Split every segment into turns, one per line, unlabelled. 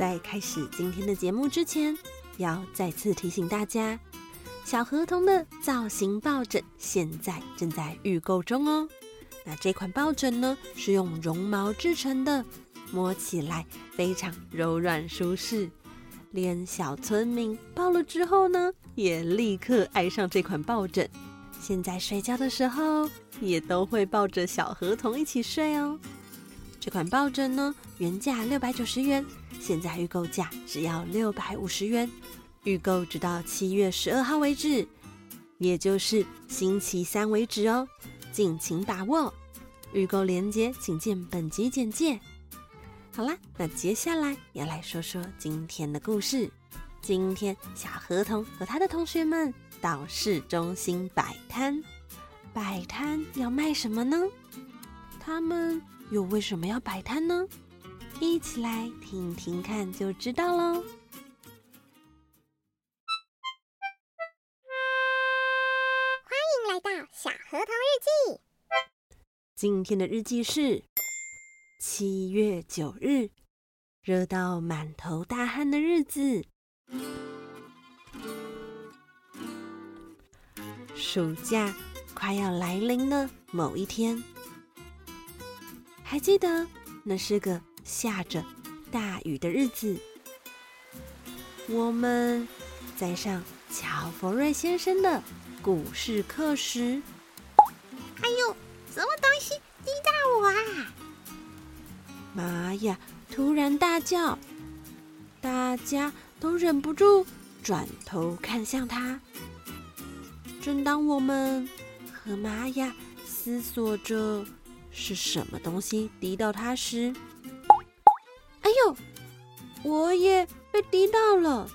在開始今天的節目之前，要再次提醒大家，小河童的造型抱枕現在正在預購中哦。那這款抱枕呢，是用絨毛制成的，摸起來非常柔軟舒適，連小村民抱了之後呢，也立刻愛上這款抱枕，現在睡覺的時候也都會抱着小河童一起睡哦。這款抱枕呢，原價六百九十元。現在預購價只要六百五十元，預購直到七月十二號為止，也就是星期三為止哦，敬請把握！預購鏈接請見本集簡介。好啦，那接下來要來說說今天的故事。今天小河童和他的同學們到市中心擺攤，擺攤要賣什麼呢？他們又為什麼要擺攤呢？一起來聽聽看就知道嘍！歡迎來到小河童日記。今天的日記是七月九日，熱到滿頭大汗的日子。暑假快要來臨的某一天，還記得那是個下着大雨的日子，我們在上喬佛瑞先生的故事課時，哎呦，什麼東西滴到我啊！瑪雅突然大叫，大家都忍不住轉頭看向他。正當我們和瑪雅思索着是什麼東西滴到他時，哎呦，我也被滴到了！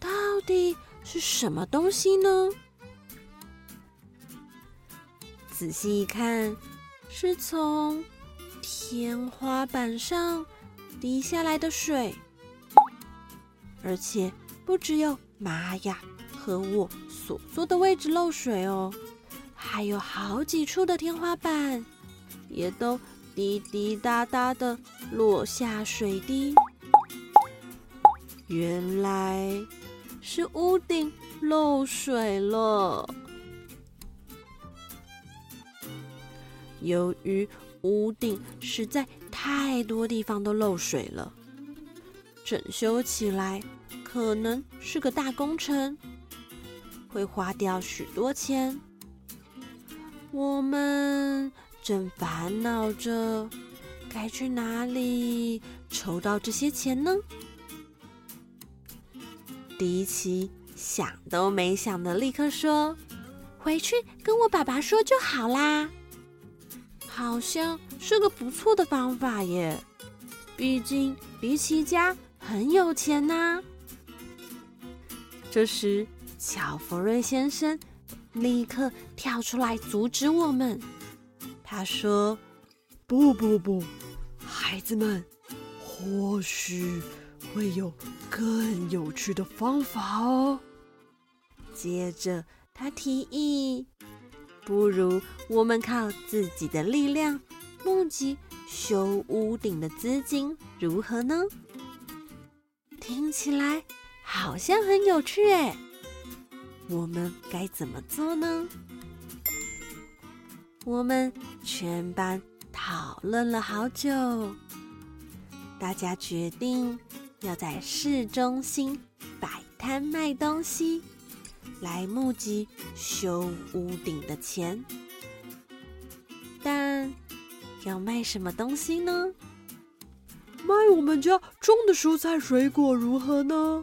到底是什麼東西呢？仔細一看，是從天花板上滴下來的水，而且不只有瑪雅和我所坐的位置漏水哦，還有好幾處的天花板也都滴滴答答地落下水滴，原來是屋頂漏水了。由於屋頂實在太多地方都漏水了，整修起來可能是個大工程，會花掉許多錢。我們正煩惱着該去哪裡籌到這些錢呢？迪奇想都沒想的立刻說：“回去跟我爸爸說就好啦。”好像是個不錯的方法耶，畢竟迪奇家很有錢吶、啊。這時，喬福瑞先生立刻跳出來阻止我們。他說：“不不不，孩子們，或許會有更有趣的方法哦。”接着他提議：“不如我們靠自己的力量募集修屋頂的資金，如何呢？”聽起來好像很有趣哎，我們該怎麼做呢？我們全班討論了好久，大家決定要在市中心擺攤賣東西，來募集修屋頂的錢。但要賣什麼東西呢？賣我們家種的蔬菜水果如何呢？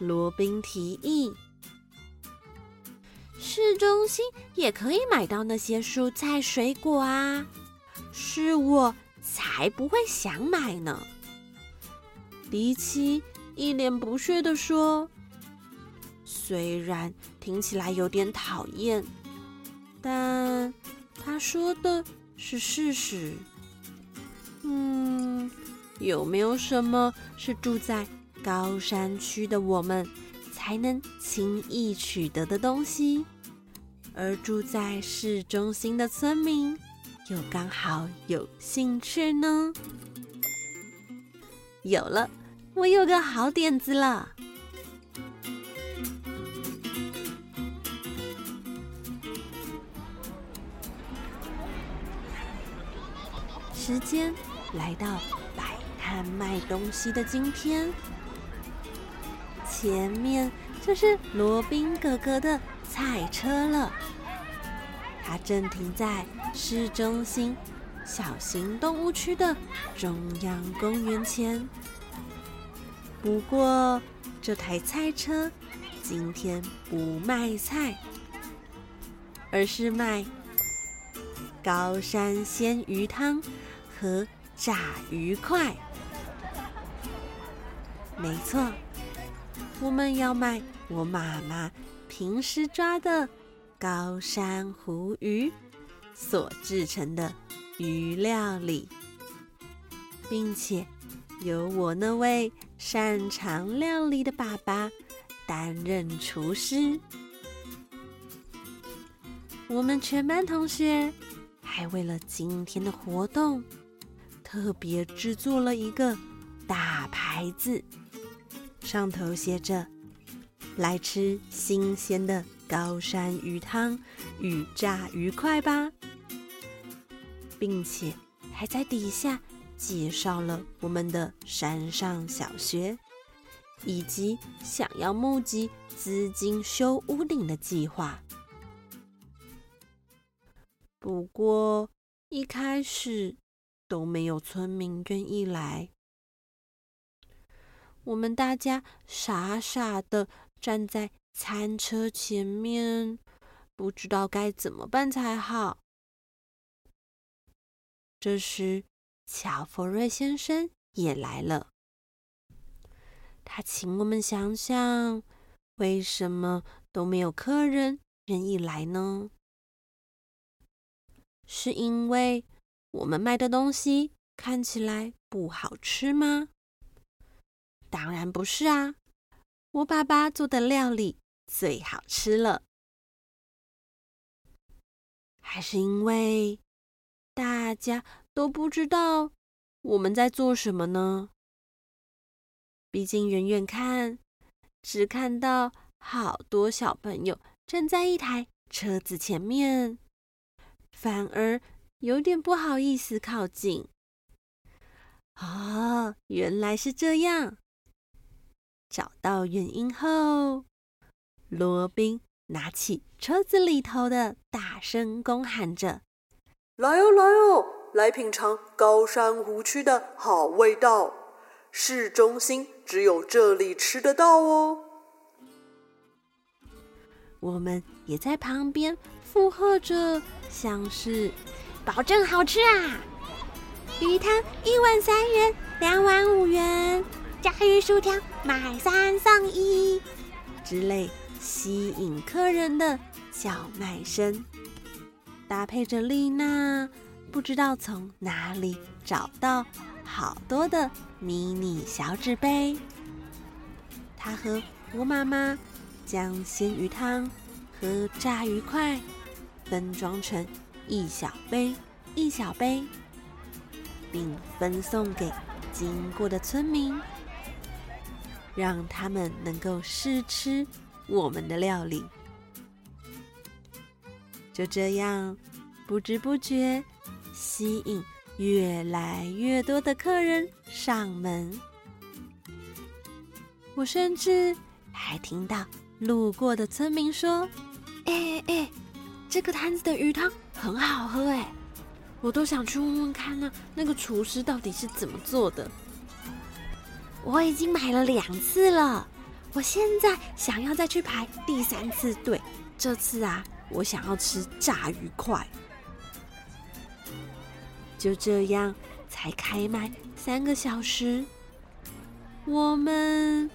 羅賓提議。市中心也可以買到那些蔬菜水果啊！是我才不會想買呢。迪奇一臉不屑地說：“雖然聽起來有點討厭，但他說的是事實。嗯，有沒有什麼是住在高山區的我們？”還能輕易取得的東西，而住在市中心的村民又剛好有興趣呢。有了，我有個好點子了。時間來到擺攤賣東西的今天。前面就是羅賓哥哥的菜車了，他正停在市中心小型動物區的中央公園前。不過，這台菜車今天不賣菜，而是賣高山鮮魚湯和炸魚塊。沒錯。我們要賣我媽媽平時抓的高山湖魚所制成的魚料理，並且由我那位擅長料理的爸爸擔任廚師。我們全班同學還為了今天的活動，特別制作了一個大牌子。上頭寫着：“來吃新鮮的高山魚湯與炸魚塊吧，並且還在底下介紹了我們的山上小學，以及想要募集資金修屋頂的計劃。不過一開始都沒有村民願意來。”我們大家傻傻地站在餐車前面，不知道該怎麼辦才好。這時，喬佛瑞先生也來了。他請我們想想，為什麼都沒有客人願意來呢？是因為我們賣的東西看起來不好吃嗎？當然不是啊，我爸爸做的料理最好吃了。還是因為大家都不知道我們在做什麼呢？畢竟遠遠看，只看到好多小朋友站在一台車子前面，反而有點不好意思靠近。哦，原來是這樣。找到原因後，羅賓拿起車子裡頭的，大聲公喊着：“來哦，來哦，來品嘗高山湖區的好味道！市中心只有這裡吃得到哦！”我們也在旁邊附和着，像是：“保證好吃啊！”魚湯一碗三元，兩碗。薯條買三送一之類吸引客人的叫賣聲，搭配着麗娜不知道從哪裡找到好多的迷你小紙杯，她和吳媽媽將鮮魚湯和炸魚塊分裝成一小杯一小杯，並分送給經過的村民。讓他們能夠試吃我們的料理，就這樣不知不覺吸引越來越多的客人上門。我甚至還聽到路過的村民說：“哎哎哎，這個攤子的魚湯很好喝哎，我都想去問問看那、啊、那個廚師到底是怎麼做的。”我已經買了兩次了，我現在想要再去排第三次隊。這次啊，我想要吃炸魚塊。就這樣，才開賣三個小時，我們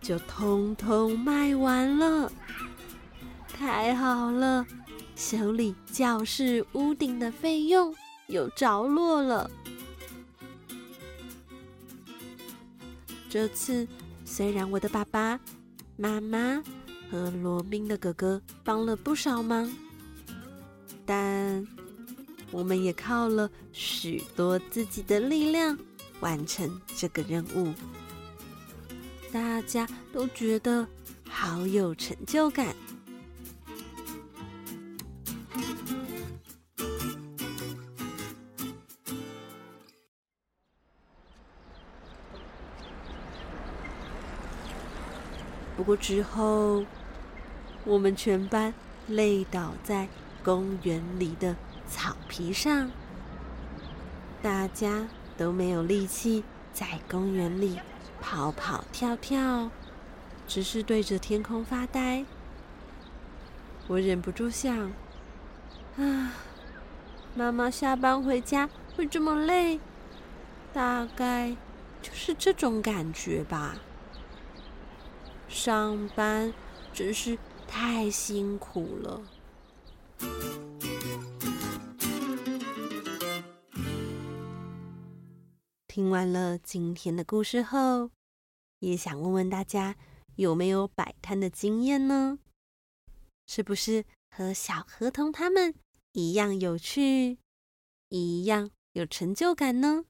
就通通賣完了。太好了，修理教室屋頂的費用有着落了。這次雖然我的爸爸、媽媽和羅賓的哥哥幫了不少忙，但我們也靠了許多自己的力量完成這個任務。大家都覺得好有成就感。不過之後，我們全班累倒在公園裡的草皮上，大家都沒有力氣在公園裡跑跑跳跳，只是對着天空發呆。我忍不住想：啊，媽媽下班回家會這麼累，大概就是這種感覺吧。上班真是太辛苦了。聽完了今天的故事後，也想問問大家有沒有擺攤的經驗呢？是不是和小河童他們一樣有趣，一樣有成就感呢？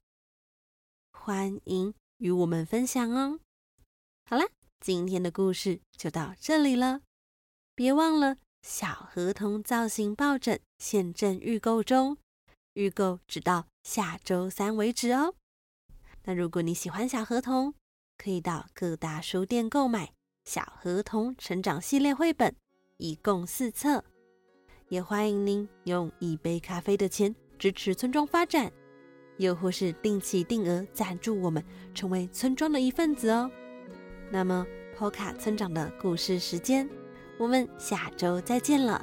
歡迎與我們分享哦。好啦。今天的故事就到這裡了，別忘了小河童造型抱枕現正預購中，預購直到下周三為止哦。那如果你喜歡小河童，可以到各大書店購買《小河童成長系列》繪本，一共四冊。也歡迎您用一杯咖啡的錢支持村莊發展，又或是定期定額贊助我們，成為村莊的一份子哦。那麼，波卡村長的故事時間，我們下周再見了。